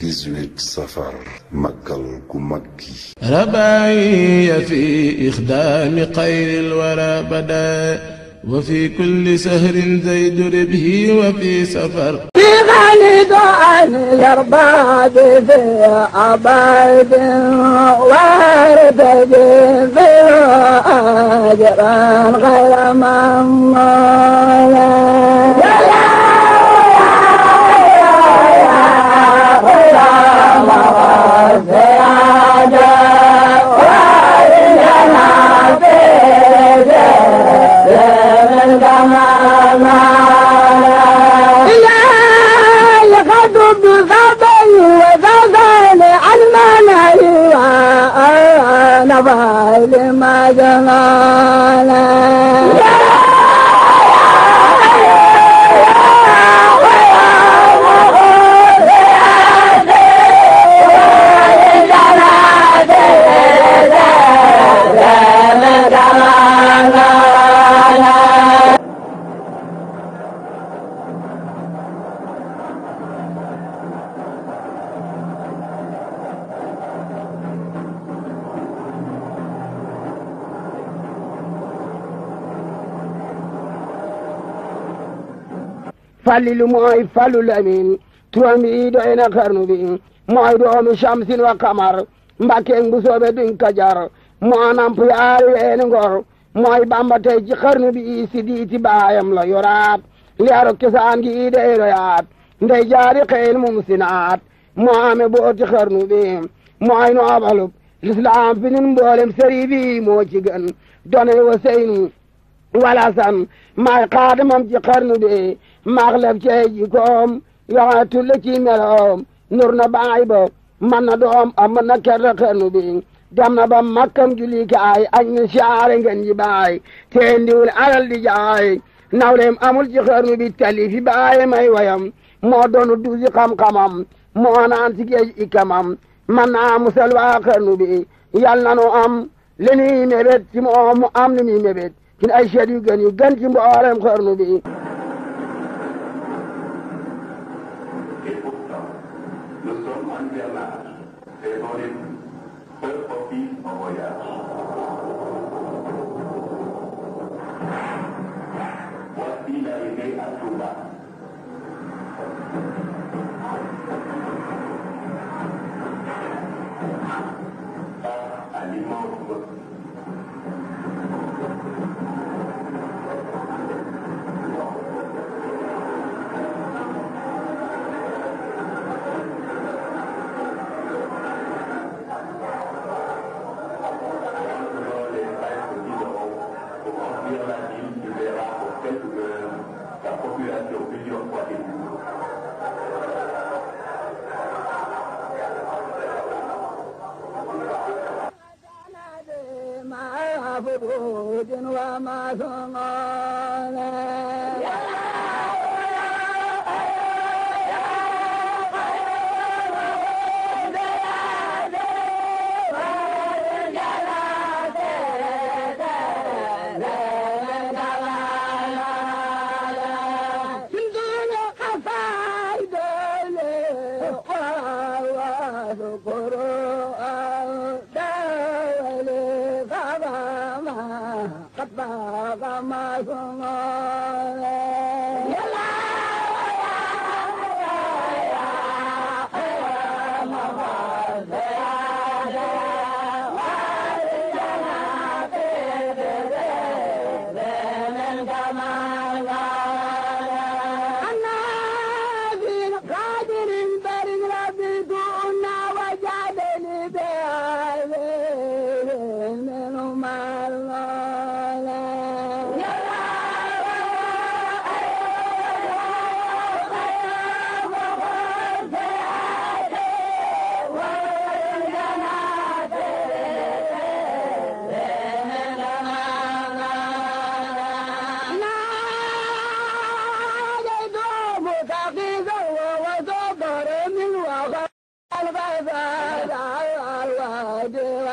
18 سفر مقل كمكي رباعية في إخدام قيل الورى بدا وفي كل سهر زيد ربه وفي سفر بغلد عن الأرباب في عباد وارد في أجرا غير ممولا لما جنى fallilu mooy fallu lamin turam yi doy na xarnu bi mooy doomi shamsin wa kamar mbàkkeeg bu soobe duñ ko moo namp yaari weeni ngor mooy bamba tey ci xarnu bi si diiti baayam la yoraat leeru kisaan gi day royaat ndey jaari xëyin mum sinaat moo ame booti xarnu bi mooy nu lislaam fi nun mboolem sëri moo ci gën donay wa seynu wala san maay xaadamam ci xarnu bi maxlab cey jikoom yoxetu la ci meloom nur na baay ba man na doom am na kerta xarnu bi dem na ba makkam juli kaay ak ñu siyaare ngeen baay te ndiwul alal di jaay nawleem amul ci xarnu bi tali fi baay may wayam moo doonu duusi xam moo naan ci géej ikamam man naa waa xarnu bi yal na nu am li nuy mébét ci moom mu am li muy ci ay seet yu gën ci mboolem xarnu bi recorded third copies of Voyage. وقيل إليه التوبة الإمام you have to be your body. Bible.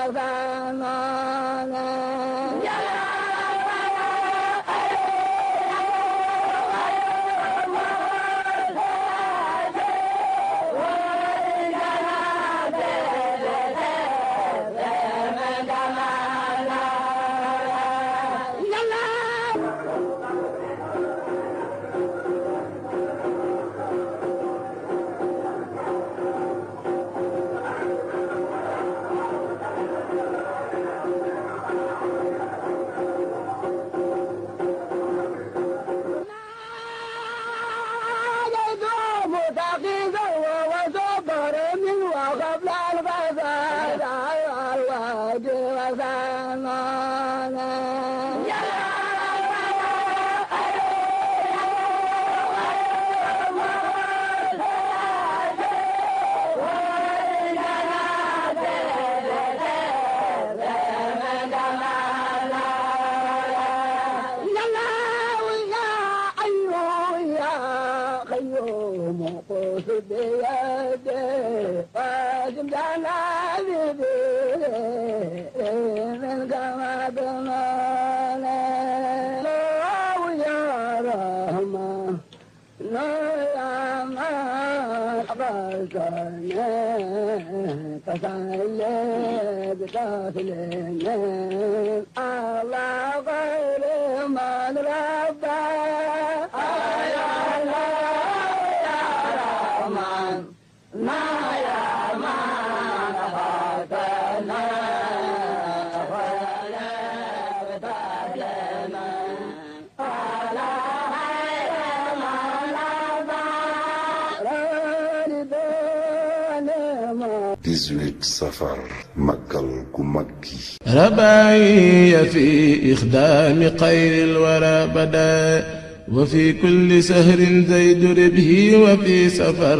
Bye-bye. بيدي قاسم دعنا بيدي من قمد الله يا رحمة نعم أخبرتنا تصلي بطفلنا الله 18 صفر مقل كمكي رباعي في إخدام قير الورى بدا وفي كل سهر زيد ربه وفي سفر